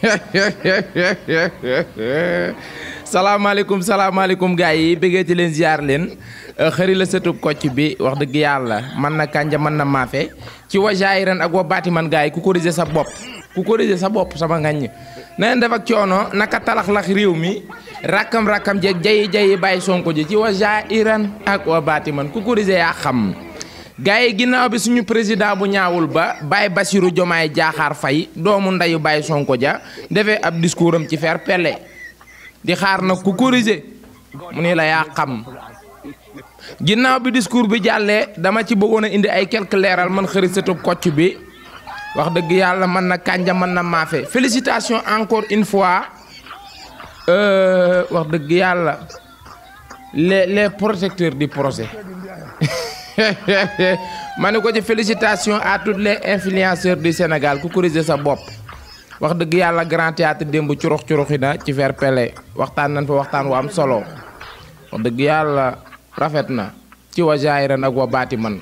salaamaaleykum salaamaaleykum gars yi bëggee ci leen ziar leen euh, xëri la sëtu kocc bi wax dëgg yàlla man na kànja man na maafe ci wa jaayiran ak wa baati man gars yi ku corriger sa bopp ku sa bopp sama ngañ na leen def ak coono naka talaxlax réew mi rakkam rakkam jeeg jayi jayi bàyyi sonko ji ci wa iran ak wa baati man ku corriger yaa xam gaay yi ginnaaw bi suñu président bu ñaawul ba bay basiru jomay jaaxar fay doomu nday bay Sonko ja defé ab discoursam ci fer pelé di xaar na ku corriger mune la ya xam ginaaw bi discours bi jallé dama ci bëggoon indi ay quelques léral man xëri kocc bi wax deug yalla man na kanja man na mafé félicitations encore une fois euh, wax deug yalla les les protecteurs du projet ma ne ko ci félicitations à tous les influenceurs du Sénégal ku corriger sa bopp wax dëgg yàlla grand théâtre démb curux curuxi na ci fer pele waxtaan nañ fa waxtaan wu am solo wax dëgg yàlla rafet na ci wa jaayiran ak wa baati man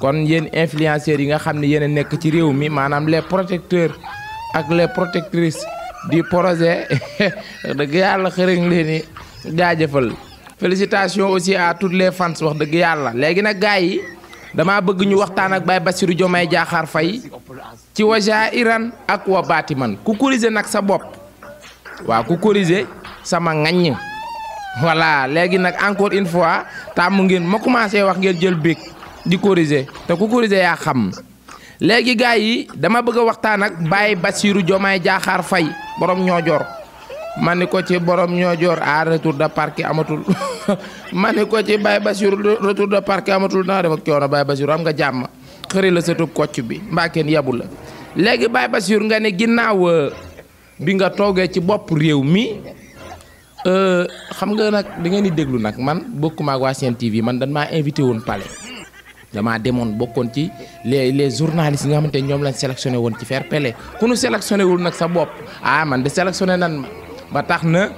kon yéen influenceurs yi nga xam ne yéen nekk ci réew mi maanaam les protecteurs ak les protectrices du projet dëgg yàlla xëriñ leen ni jaajëfal félicitations aussi à toutes les fans wax deug yalla légui nak gaay yi damaa bëgg ñu waxtaan ak Iran Bassirou jomay jaxar fay ci wa iran ak wa batiman ku corriger nak sa bop wa ku corriger sama ngagne voilà légui nak encore une fois tàmm ngeen ma commencé wax ngeen jël bic di corriger te ku corriger ya xam légui gaay yi dama bëgg waxtaan ak bay Bassirou jomay jaxar fay borom ñoo jor ma ci borom ñoo jor a retour de parquet amatul ma ko ci Baye basir retour de parquet amatul na dem ak coono Baye basir am nga jamm xëri la sa tub kocc bi mbaa kenn yabu la léegi Baye basir nga ne ginnaaw euh, bi nga toogee ci bop réew mi euh, xam nga nag da ngay ni déglu nak man bokkuma Sen TV man dañ ma invité won palais dama demoon bokon ci les les journalistes nga xamante ñom lañ sélectionné won ci faire pelé ku nu sélectionné wul nak sa bop ah man de sélectionné nan ba tax na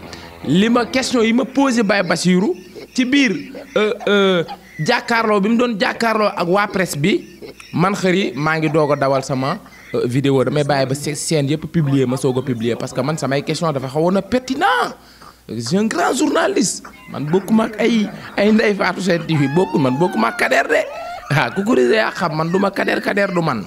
li ma question yi ma posé Baye Bassirou ci biir euh, euh, jàkkaarloo bi mu doon jàkkaarloo ak waa presse bi man xëri maa ngi doog a dawal sama euh, vidéo damay bàyyi ba seen yëpp publier ma soog a publier parce que man samay question dafa xawoon a pertinent c'est un grand journaliste man bokkuma ak ay ay Ndeye Fatou Sène TV bokku man bokkuma ak Kader de ah ku kuréel yaa xam man du ma Kader Kader du man.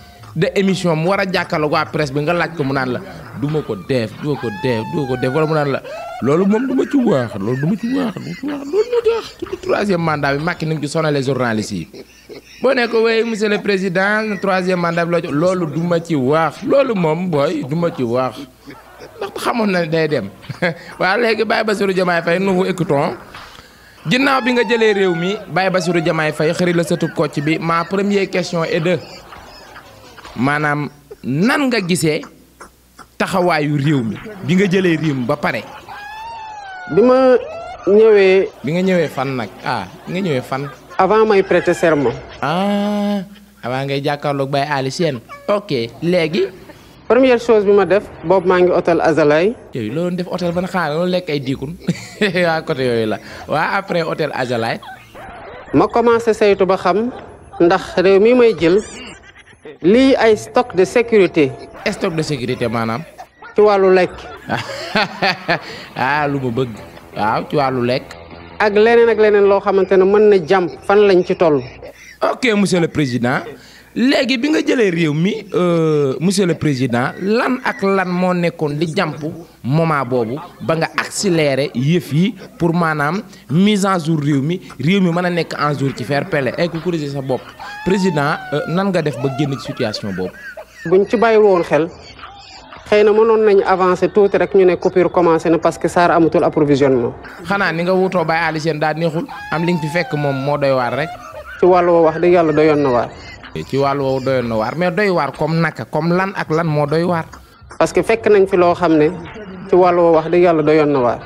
de émission mu war a jàkkaarloog a presse bi nga laaj ko mu naan la du ma ko def du ma ko def du ko def wala mu naan la loolu moom du ma ci wax loolu du ma ci wax du ma loolu bi Macky ni mu ci sonalee journalistes yi boo ne ko wey président troisième mandat bi loolu du ma ci wax loolu moom booy du ma ci waax ndax xamoon na ne day dem waaw léegi Baye Bassirou Diomaye Faye nous vous écoutons ginnaaw bi nga jëlee réew mi Baye Bassirou Diomaye fay xëri la satub kocc bi ma première question est Manam nan nga gisé taxawayu rew mi bi nga jëlé rew ba paré bima ñëwé bi nga ñëwé fan nak ah nga ñëwé fan. avant may prêter serment. ah avant ngay jàkkaarloog bay Ali sen ok légui première chose bima def bob ma ngi hôtel Azalay. yoy lo def hôtel ban xaar lo lek ay dikun wa côté yoy la wa après hôtel Azalay. ma commencé saytu ba xam ndax rew mi may jël. li ay stock de sécurité. stock de sécurité manam ci walu lek ah lu ma bëgg. waaw ci wàllu lekk. ak leneen ak leneen loo xamante ne mën na jàmm fan lañ ci toll. ok monsieur le président. léegi bi nga jëlee réew mi euh, monsieur le président lan ak lan moo nekkoon di jàmp moment boobu ba nga accéléré yëf yi pour maanaam mise en jour réew mi réew mi mën a nekk en jour ci faire pele ay ku corriger sa bopp président euh, nan nga def ba génn ci situation boobu. buñ ci bàyyi woon xel xëy na mënoon nañu avancer tuuti rek ñu ne coupure commencé na parce que SAR amatul approvisionnement. xanaa ni nga wutoo bàyyi Aly Sène daa neexul am li nga fi fekk moom moo doy waar rek. ci wax dëgg yàlla doyoon na waar. ci wàllu woowu doyoon na waar mais doy waar naka comme lan ak lan moo doy waar. que fekk nañ fi loo xam ne ci wàllu wa wax dëgg yàlla doyoon na waar.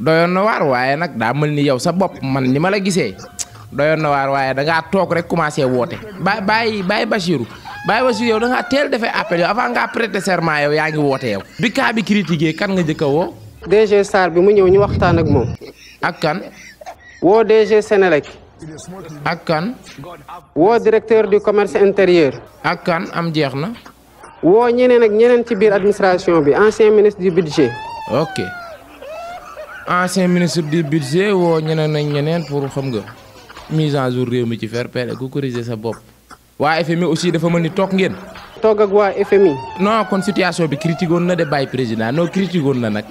doyoon na waar waaye nag daa mel ni yow sa bopp man ni ma la gisee doyoon na waar waaye da ngaa toog rek commencé woote ba bàyyi bàyyi Bachirou bàyyi Bachirou yow da ngaa teel defee appel yow avant ngaa prêter serment yow yaa ngi woote yow. bi kaa bi critiqué kan nga njëkk a woo. DG Sarr bi mu ñëw ñu waxtaan ak moom. ak kan. ak kan. woo directeur du commerce intérieur. ak kan am jeex na. woo ñeneen ak ñeneen ci biir administration bi ancien ministre du budget. ok ancien ministre du budget woo ñeneen ak ñeneen pour xam nga mise à jour réew mi ci faire paire ku corriger sa bopp. waa FMI aussi dafa mel ni toog ngeen. toog ak waa FMI. non kon situation bi critique woon na de bàyyi président non critique woon na nag.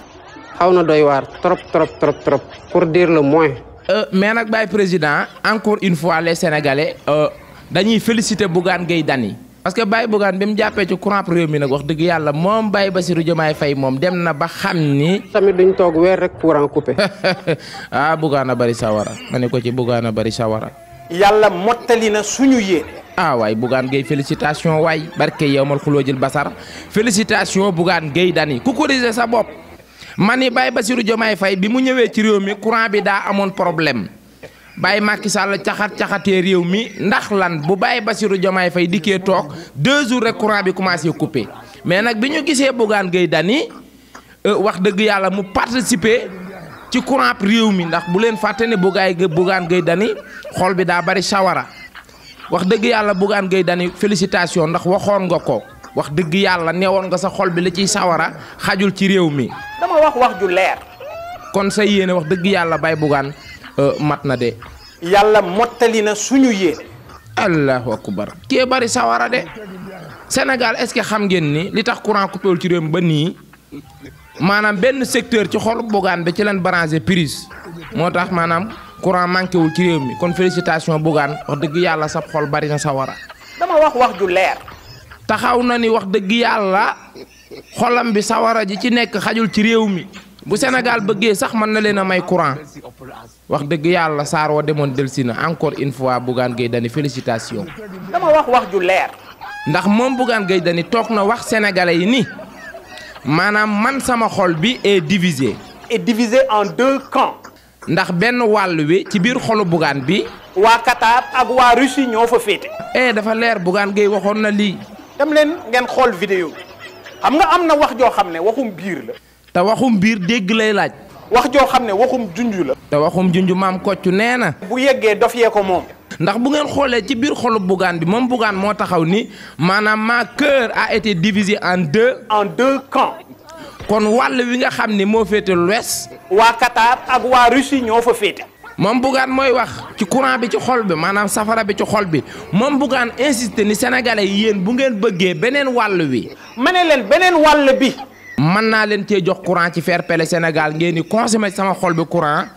xaw na doy waar trop trop trop trop pour dire la moins. Euh, mais avec le président encore une fois les sénégalais euh, dañuy féliciter Bougane Dani. Dany parce que Baye Bougane bi mu jàppee ci courant pour mi wax dëgg ba rek courant coupé. ah Bougane a bari sawara ma ko ci Bougane a bari sawara. Yalla motalina suñu ah way Bougane félicitations félicitations, way barké yow mal basar Félicitations Bougane Dani. sa mani bay Bassirou jomay fay bi mu ñëwee ci réew mi courant bi da amone problème bay Macky Sall taxat taxaté réew mi ndax lan bu bay Bassirou jomay fay diké tok 2 jours rek courant bi commencé couper mais nak biñu gisé gisee gey dani euh wax deug yalla mu participer ci courant réew mi ndax bu leen fàtte ne Bougane Bougane gey dani xol bi da bari sawara wax deug yalla bogan gey dani, félicitations ndax waxon nga ko wax deug yalla neewoon nga sa xol bi la ci sawara xajul ci réew mi wax wax ju leer. kon sa yene wax deug yalla bay bugaan euh, mat na de. yalla motali na suñu yéene. allahu akbar kee bari sawara de senegal est-ce xam ngeen ni li tax courant coupé ci rew mi ba nii maanaam secteur ci xol bugan be ci leen branché prise motax manam courant manke wul ci rew mi kon félicitation bugan wax deug yalla sa xol bari na sawara. dama wax wax ju leer. taxaw na ni wax deug yalla xolam bi sawara ji ci nekk xajul ci réew mi bu Sénégal bëggee sax mën na leen a may courant wax dëgg yàlla saar wa demoon delsi na encore une fois Bougane Gueye Dany félicitation dama wax wax ju leer ndax moom Bougane géey Dany toog na wax sénégalais yi ni maanaam man sama xol bi est divise est divisé en deux camps ndax benn wàll wi ci biir xolu Bougane bi waa Qatar ak waa Russie ñoo fa féete eh dafa leer Bougane Gueye waxoon na lii dem leen ngeen xool vidéo xam nga am na wax joo xam ne waxum biir la. te waxum biir dégg lay laaj. wax joo xam ne waxum junj la. te waxum junju maam koccu nee na. bu yeggee dof ko moom. ndax bu ngeen xoolee ci biir xolu Bougane bi moom Bougane moo taxaw ni maanaam ma cœur à été divisé en deux. en deux camps. kon wàll wi nga xam ni moo lu l'ouest waa Qatar ak waa Russie ñoo fa féete. moom Bougane mooy wax ci courant bi ci xol bi maanaam safara bi ci xol bi moom Bougane insister ni sénégalais yi yéen bu ngeen bëggee beneen wàll wi. ma leen beneen wàll bi. mën naa leen cee jox courant ci fair-play Sénégal ngeen di consommer sama xol bi courant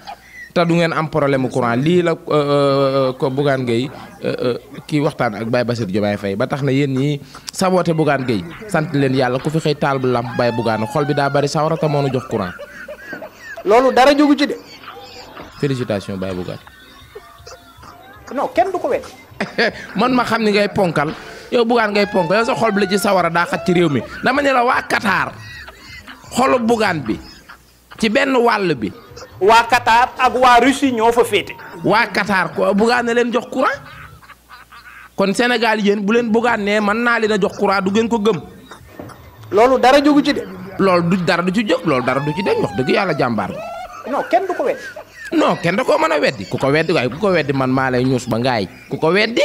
te du ngeen am problème mu courant lii la euh, euh, ko Bougane Gueye euh, kii waxtaan ak Baye Bassirou Diomaye fay ba tax na yéen ñii saboote Bougane Gueye sant leen yàlla ku fi xëy taal bu baay Baye Bougane xol bi daa bari sawara moo nu jox courant. félicitations Baye Bougar. non kenn du ko man ma xamni ngay ponkal yow Bougane ngay ponkal yow sa xol bi la ci sawara da xat ci réew mi dama ne la wa Qatar xolu bi ci ben wall bi. wa Qatar ak wa Russie ño fa fété wa Qatar ko Bougane ne jox courant kon Sénégal yeen bu len Bougane ne man na li a jox courant du gën ko gëm. loolu dara jogu ci de. du dara du ci jog loolu dara du ci deñ wax deug yalla jambar non ken du ko non kenn da koo mën a weddi ku ko weddi waaye ku ko weddi man maa ñuus ba ngaay ku ko weddi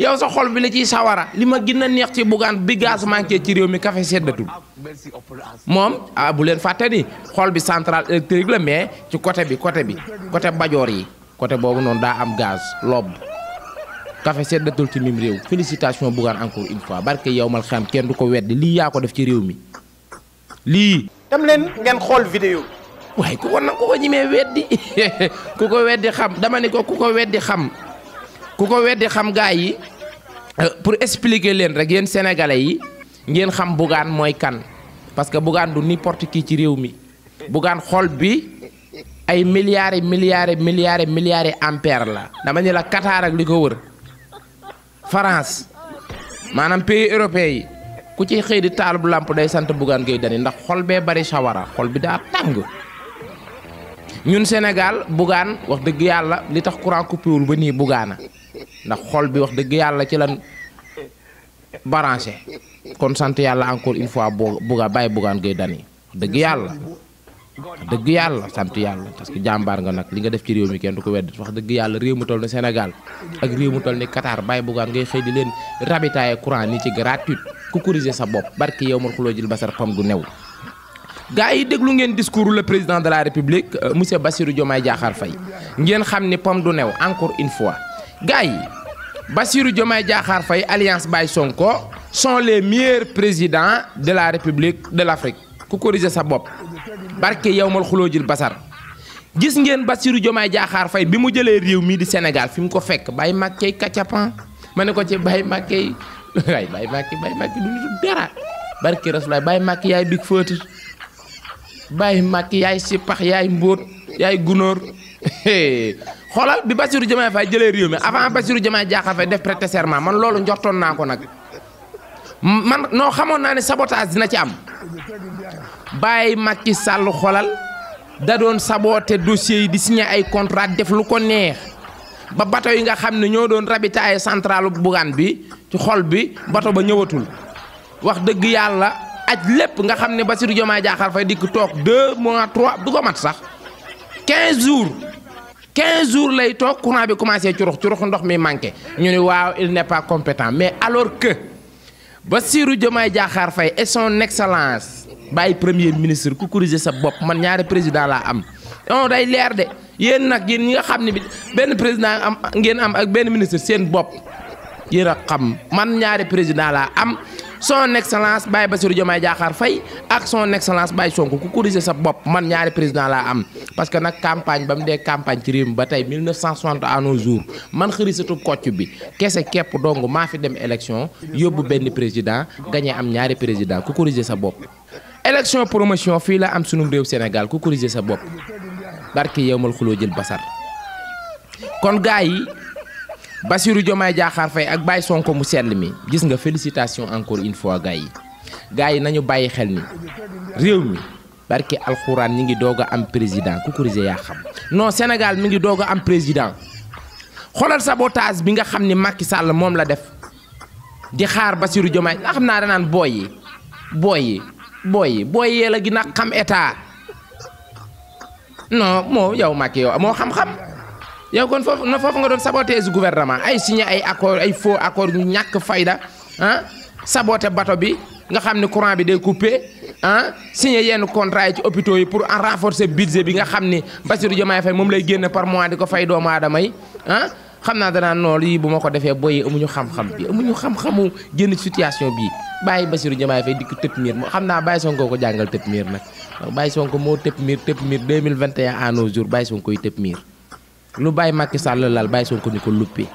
yow sa xol bi la ciy sawara li ma gën neex ci bugaan bi gaz manqué ci réew mi café seddatul moom ah bu leen fàtte ni xol bi centrale électrique la mais ci côté bi côté bi côté bajoor yi côté boobu noonu daa am gaz lobb café seddatul ci mim réew félicitation bugaan encore une fois barke yow mal kenn du ko weddi lii yaa ko def ci réew mi lii. dem leen ngeen way ku ko nag ko ñime weddi ku ko weddi xam dama ni ko ku ko weddi xam ku ko weddi xam gaay yi euh, pour expliquer len rek yeen sénégalais yi ngeen xam bugan moy kan parce que bugan du n'importe qui ci réew mi bugaan xol bi ay milliards et milliards et milliards et milliards ampères la dama ni la Qatar ak liko wër France manam pays européen yi ku ci xey di taalub lamp day sante bugan gey dani ndax xol be bari sawara xol bi da tang ñun Senegal, Bugan wax deug yalla li tax courant coupé wul ba ni bugaana ndax xol bi wax deug yalla ci lan branché kon sante yalla encore une fois buga bay Bugan gey dani deug yalla deug yalla sante yalla parce que jambar nga nak li nga def ci rew mi kenn du ko wedd wax deug yalla rew mu toll ni Sénégal ak rew mu toll ni Qatar bay Bugan gey xey di len rabitaaye courant ni ci gratuite ku sa bop barki yow man xuloo basar pam gu new gaa yi déglu discours le président de la république euh, monsieur Bassirou Diomaye Diakhar Faye ngeen xam ni pomme du new encore une fois gaa Bassirou Diomaye Diakhar Faye alliance Baye Sonko sont les meilleurs présidents de la république de l' Afrique ku corriger sa bopp barke yow mal xuloo jil basar gis ngeen Bassirou Diomaye Diakhar Faye bi mu jëlee réew mii di Sénégal fi mu ko fekk Baye Mackey, kacapan ma ne ko ci Baye Makkey waay Baye Mackey, Baye Mackey, du dara barke Rasulaay Baye Mackey, yaay big fëtër bàyyi màkk yaay sippax yaay mbóot yaay gunóor xoolal bi Bassirou Diomaye Faye jëlee réew mi avant Bassirou Diomaye Diakhar Faye def prêter serment man loolu njortoon naa ko nag man noo xamoon naa ne sabotage dina ci am bàyyi Macky Sall xoolal da doon saboté dossiers yi di signé ay contrat def lu ko neex ba bato yi nga xam ne ñoo doon rabita ay centralu bugaan bi ci xol bi bato ba ñëwatul wax dëgg yàlla. aj lépp nga xamné Bassirou Diomaye Diakhar Faye dik tok 2 mois 3 du ko mat sax 15 jours 15 jours lay tok courant bi commencé ci rox ndox mi manké ñu ni waaw il n'est pas compétent mais alors que Bassirou Diomaye Diakhar Faye et son excellence bàyyi premier ministre ku corriger sa bop man ñaari président la am non day leer de yeen nak yeen ñi nga xamné ben président am ngeen am ak ben ministre sen bop yéen xam man ñaari président la am son excellence Baye Bassirou Diomaye Diakhar Faye ak son excellence Baye Sonko ku corriger sa bopp man ñaari président laa am parce que nag campagne ba mu dee campagne ci réew mi ba tey 1960 à nos jours man xërisatu kocc bi kese képp dong maa fi dem élection yóbbu benn président gagné am ñaari président ku corriger sa bopp. élection promotion fii la am sunum réew Sénégal ku corriger sa bopp barki yow mal xuloo jël basar kon gars yi Bassirou Diomaye Diakhar Faye ak Baye Sonko mu sell mi gis nga félicitation encore une fois gars yi gars yi nañu bàyyi xel ni réew mi barke alxuraan ñi ngi doog a am président ku kurise yaa xam non Sénégal mi ngi doog a am président xoolal sabotage bi nga xam ni Macky Sall moom la def di xaar Bassirou Diomaye nga xam naa naan booy yi booy yi booy yi booy yee la gën a xam état non moo yow Macky yow moo xam-xam yow kon foofu na foofu nga doon saboté su gouvernement ay signé ay accord ay faux accord ñu ñàkk fayda ah saboté bato bi nga xam ne courant bi day coupé ah signé yenn contrat yi ci hôpitaux yi pour en renforcer budget bi nga xam ne Bassirou Diomaye Faye moom lay génn par mois di ko fay doomu adama yi ah. xam naa danaa noonu yi bu ma ko defee boy amuñu xam-xam bi amuñu xam-xamu génn situation bii bàyyi Bassirou Diomaye Faye dikk tëb miir xam naa bàyyi Sonko ko jàngal tëb miir nag bàyyi Sonko moo lu bàyyi Macky Sall laal bàyyi Sonko ni ko luppee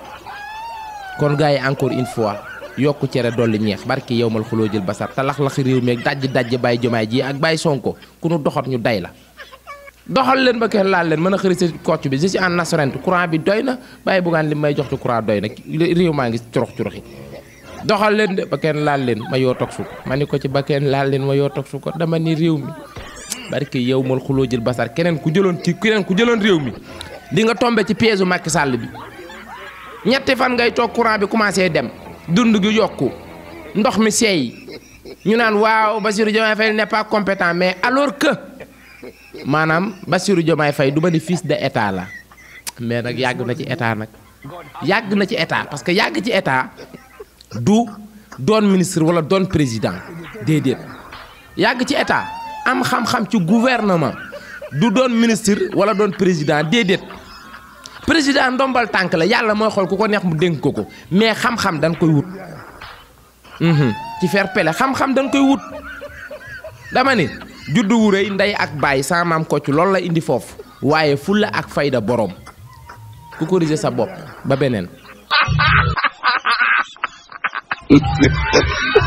kon gars yi encore une fois yokku cere dolli ñeex barki yow mal xuloo jël basar te lax-laxi réew meeg dajj dajj bàyyi jomaay ji ak bàyyi Sonko ku nu doxat ñu day la doxal leen ba kenn laal leen mën a xëri si kocc bi je suis en assurance courant bi doy na bàyyi buggaan li may jox ci courant doy na réew maa ngi curux curuxi doxal leen de ba kenn laal leen ma yoo toog su ko ma ni ko ci ba kenn laal leen ma yoo toog su ko ni réew mi barki yow mal xuloo jël basar keneen ku jëloon ci keneen ku jëloon réew mi di nga tombe ci piège u Macky Sall bi ñetti fan ngay toog courant bi commencé dem dund gi yokku ndox mi seey ñu naan waaw Bassirou Diomaye Faye n'est pas compétent mais alors que maanaam Bassirou Diomaye fay du ma ni fils de état la mais nag yàgg na ci état nag yàgg na ci état parce que yàgg ci état du doon ministre wala doon président déedéet yàgg ci état am xam-xam ci gouvernement du doon ministre wala doon président déedéet président ndombal tànk la yàlla mooy xool ku ko neex mu dénk ko ko mais xam-xam dañ koy wut mhm. ci fair play xam-xam dana koy wut dama ni juddu wu rëy ndey ak baay sama maam kocc loolu la indi foofu waaye fulla ak fayda boroom ku corriger sa bopp ba beneen